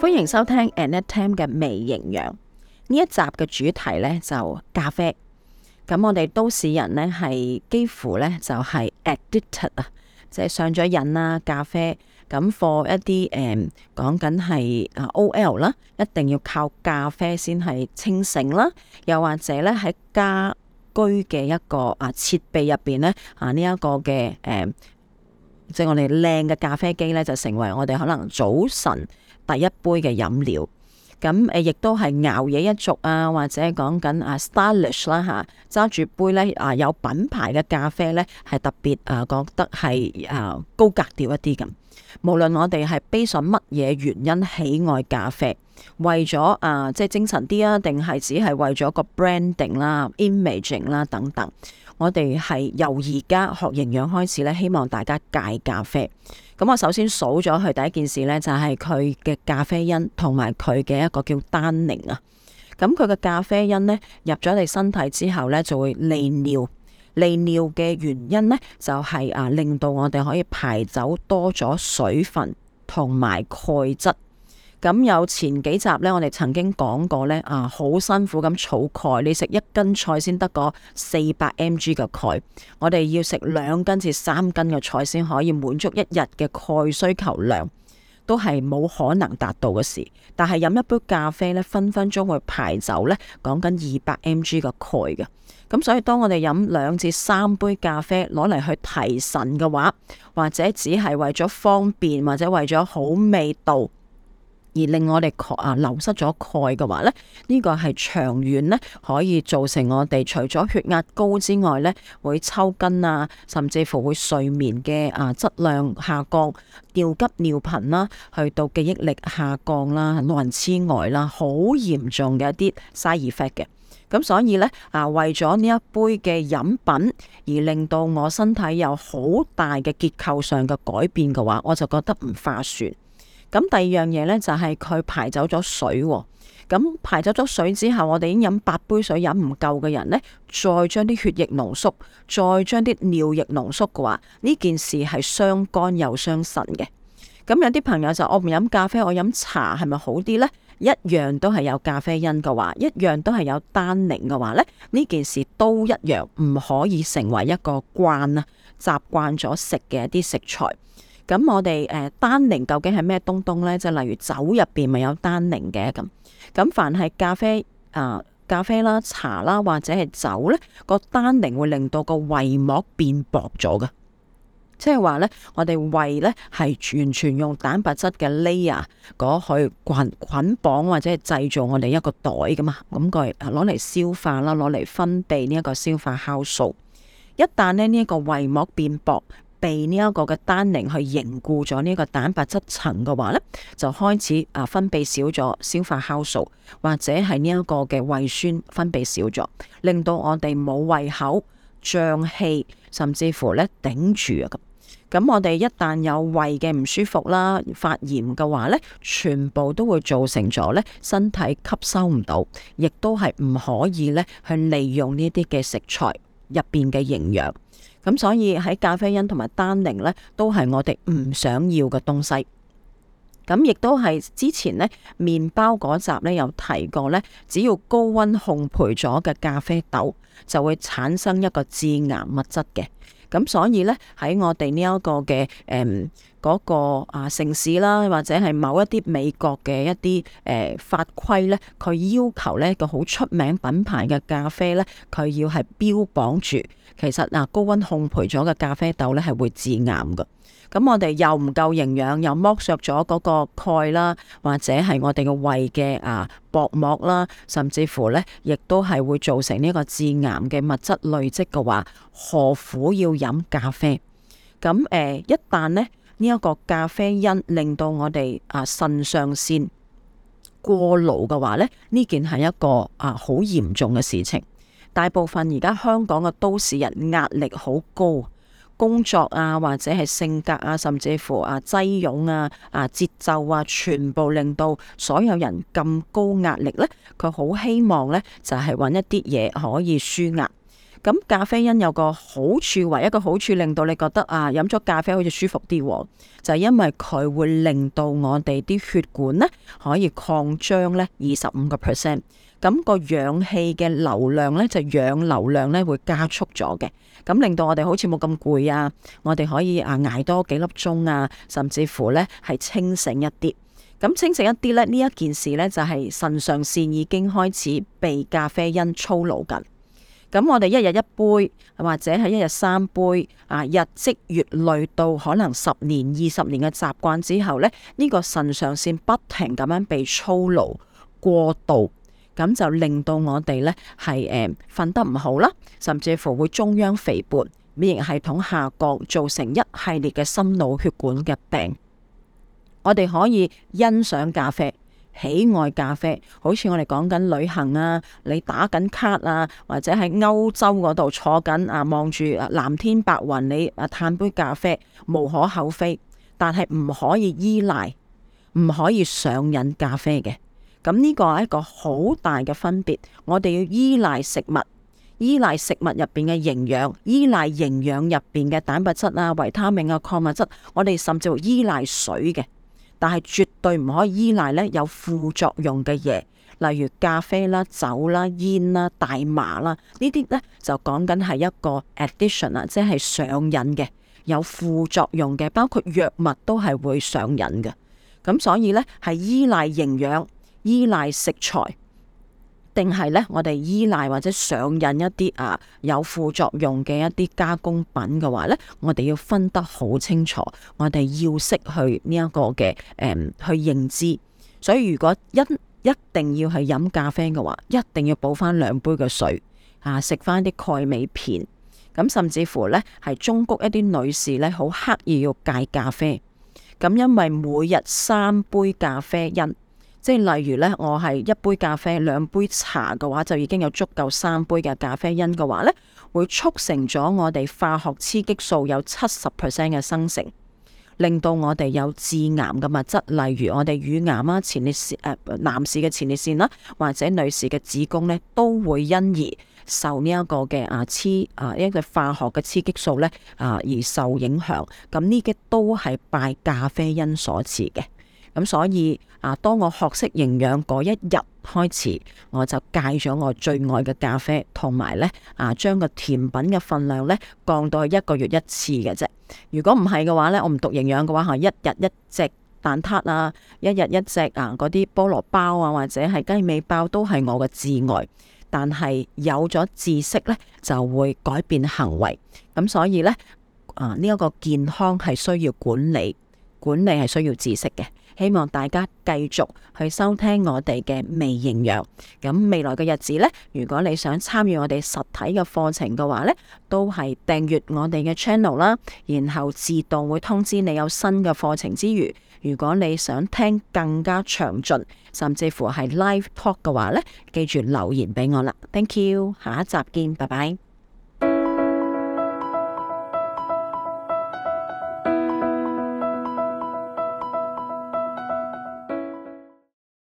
歡迎收聽 Annette Tam 嘅微營養。呢一集嘅主題呢就咖啡。咁我哋都市人呢係幾乎呢就係 addicted 啊，即係上咗癮啦咖啡。咁 for 一啲誒、嗯、講緊係啊 OL 啦，一定要靠咖啡先係清醒啦。又或者呢，喺家居嘅一個啊設備入邊呢，啊呢一、這個嘅誒。嗯即係我哋靚嘅咖啡機咧，就成為我哋可能早晨第一杯嘅飲料。咁誒，亦都係熬夜一族啊，或者講緊啊，stylish 啦吓，揸住杯咧啊，有品牌嘅咖啡咧，係特別啊，覺得係啊高格調一啲咁。無論我哋係基於乜嘢原因喜愛咖啡。為咗啊，即係精神啲啊，定係只係為咗個 branding 啦、啊、imaging 啦等等。我哋係由而家學營養開始咧，希望大家戒咖啡。咁、嗯、我首先數咗佢第一件事咧，就係佢嘅咖啡因同埋佢嘅一個叫單寧啊。咁佢嘅咖啡因呢，入咗你身體之後呢，就會利尿。利尿嘅原因呢，就係、是、啊，令到我哋可以排走多咗水分同埋鈣質。咁有前幾集呢，我哋曾經講過呢：「啊，好辛苦咁儲鈣，你食一斤菜先得個四百 mg 嘅鈣，我哋要食兩斤至三斤嘅菜先可以滿足一日嘅鈣需求量，都係冇可能達到嘅事。但係飲一杯咖啡呢，分分鐘會排走呢，講緊二百 mg 嘅鈣嘅。咁所以當我哋飲兩至三杯咖啡攞嚟去提神嘅話，或者只係為咗方便，或者為咗好味道。而令我哋鈣啊流失咗鈣嘅話咧，呢、呢個係長遠咧可以造成我哋除咗血壓高之外咧，會抽筋啊，甚至乎會睡眠嘅啊質量下降、尿急尿頻啦，去到記憶力下降啦、老人痴呆啦，好嚴重嘅一啲 side effect 嘅。咁所以呢，啊，為咗呢一杯嘅飲品而令到我身體有好大嘅結構上嘅改變嘅話，我就覺得唔化算。咁第二樣嘢咧，就係、是、佢排走咗水、哦。咁排走咗水之後，我哋已經飲八杯水飲唔夠嘅人呢，再將啲血液濃縮，再將啲尿液濃縮嘅話，呢件事係傷肝又傷腎嘅。咁、嗯、有啲朋友就我唔飲咖啡，我飲茶係咪好啲呢？一樣都係有咖啡因嘅話，一樣都係有單寧嘅話呢，呢件事都一樣唔可以成為一個慣啊，習慣咗食嘅一啲食材。咁我哋誒單寧究竟係咩東東呢？就例如酒入邊咪有單寧嘅咁。咁凡係咖啡啊、呃、咖啡啦、茶啦或者係酒呢，個單寧會令到個胃膜變薄咗㗎。即係話呢，我哋胃呢係完全，全用蛋白質嘅 layer 啊，嗰去捆捆綁或者係製造我哋一個袋噶嘛。咁佢攞嚟消化啦，攞嚟分泌呢一個消化酵素。一旦呢呢一、呢個胃膜變薄。被呢一個嘅單寧去凝固咗呢個蛋白質層嘅話呢，就開始啊分泌少咗消化酵素，或者係呢一個嘅胃酸分泌少咗，令到我哋冇胃口、脹氣，甚至乎咧頂住啊咁。咁我哋一旦有胃嘅唔舒服啦、發炎嘅話呢，全部都會造成咗呢身體吸收唔到，亦都係唔可以呢去利用呢啲嘅食材入邊嘅營養。咁所以喺咖啡因同埋單寧呢，都係我哋唔想要嘅東西。咁亦都係之前呢，麵包嗰集呢，有提過呢，只要高溫烘焙咗嘅咖啡豆，就會產生一個致癌物質嘅。咁所以咧，喺我哋呢一個嘅誒嗰個啊城市啦，或者係某一啲美國嘅一啲誒、呃、法規咧，佢要求呢個好出名品牌嘅咖啡咧，佢要係標榜住，其實嗱、啊、高溫烘焙咗嘅咖啡豆咧係會致癌㗎。咁我哋又唔夠營養，又剝削咗嗰個鈣啦，或者係我哋嘅胃嘅啊薄膜啦，甚至乎呢亦都係會造成呢一個致癌嘅物質累積嘅話，何苦要飲咖啡？咁誒、呃，一旦呢，呢、這、一個咖啡因令到我哋啊腎上腺過勞嘅話咧，呢件係一個啊好嚴重嘅事情。大部分而家香港嘅都市人壓力好高。工作啊，或者係性格啊，甚至乎啊擠擁啊、啊節奏啊，全部令到所有人咁高壓力咧，佢好希望咧就係、是、搵一啲嘢可以紓壓。咁咖啡因有個好處，唯一一個好處令到你覺得啊，飲咗咖啡好似舒服啲、哦，就係、是、因為佢會令到我哋啲血管呢可以擴張呢二十五個 percent，咁個氧氣嘅流量呢，就氧流量呢會加速咗嘅，咁令到我哋好似冇咁攰啊，我哋可以啊挨多幾粒鐘啊，甚至乎呢係清醒一啲，咁清醒一啲呢，呢一件事呢，就係、是、腎上腺已經開始被咖啡因操勞緊。咁我哋一日一杯，或者係一日三杯，啊日積月累到可能十年、二十年嘅習慣之後咧，呢、呢個腎上腺不停咁樣被操勞過度，咁就令到我哋呢係誒瞓得唔好啦，甚至乎會中央肥胖、免疫系統下降，造成一系列嘅心腦血管嘅病。我哋可以欣賞咖啡。喜愛咖啡，好似我哋講緊旅行啊，你打緊卡啊，或者喺歐洲嗰度坐緊啊，望住藍天白雲，你啊嘆杯咖啡無可厚非，但係唔可以依賴，唔可以上癮咖啡嘅。咁呢個係一個好大嘅分別。我哋要依賴食物，依賴食物入邊嘅營養，依賴營養入邊嘅蛋白質啊、維他命啊、礦物質，我哋甚至乎依賴水嘅。但係絕對唔可以依賴咧有副作用嘅嘢，例如咖啡啦、酒啦、煙啦、大麻啦，呢啲呢，就講緊係一個 addiction 啊，即係上癮嘅，有副作用嘅，包括藥物都係會上癮嘅，咁所以呢，係依賴營養，依賴食材。定係呢？我哋依賴或者上癮一啲啊，有副作用嘅一啲加工品嘅話呢，我哋要分得好清楚，我哋要識去呢一個嘅誒、嗯、去認知。所以如果一一定要係飲咖啡嘅話，一定要補翻兩杯嘅水啊，食翻啲鈣鎂片。咁、啊、甚至乎呢，係中谷一啲女士呢，好刻意要戒咖啡。咁、啊、因為每日三杯咖啡因。即係例如咧，我係一杯咖啡，兩杯茶嘅話，就已經有足夠三杯嘅咖啡因嘅話咧，會促成咗我哋化學雌激素有七十 percent 嘅生成，令到我哋有致癌嘅物質，例如我哋乳癌啦、前列腺誒、呃、男士嘅前列腺啦，或者女士嘅子宮咧，都會因而受呢一個嘅啊雌啊一、這個化學嘅雌激素咧啊而受影響。咁呢啲都係拜咖啡因所賜嘅。咁所以啊，當我學識營養嗰一日開始，我就戒咗我最愛嘅咖啡，同埋呢啊，將個甜品嘅份量呢降到一個月一次嘅啫。如果唔係嘅話呢，我唔讀營養嘅話，吓一日一隻蛋撻啊，一日一隻啊，嗰啲菠蘿包啊，或者係雞、啊、雞尾包都係我嘅至愛。但係有咗知識呢，就會改變行為。咁所以呢，啊，呢、這、一個健康係需要管理，管理係需要知識嘅。希望大家繼續去收聽我哋嘅微營養。咁未來嘅日子呢，如果你想參與我哋實體嘅課程嘅話呢，都係訂閱我哋嘅 channel 啦，然後自動會通知你有新嘅課程之餘，如果你想聽更加詳盡，甚至乎係 live talk 嘅話呢，記住留言俾我啦。Thank you，下一集見，拜拜。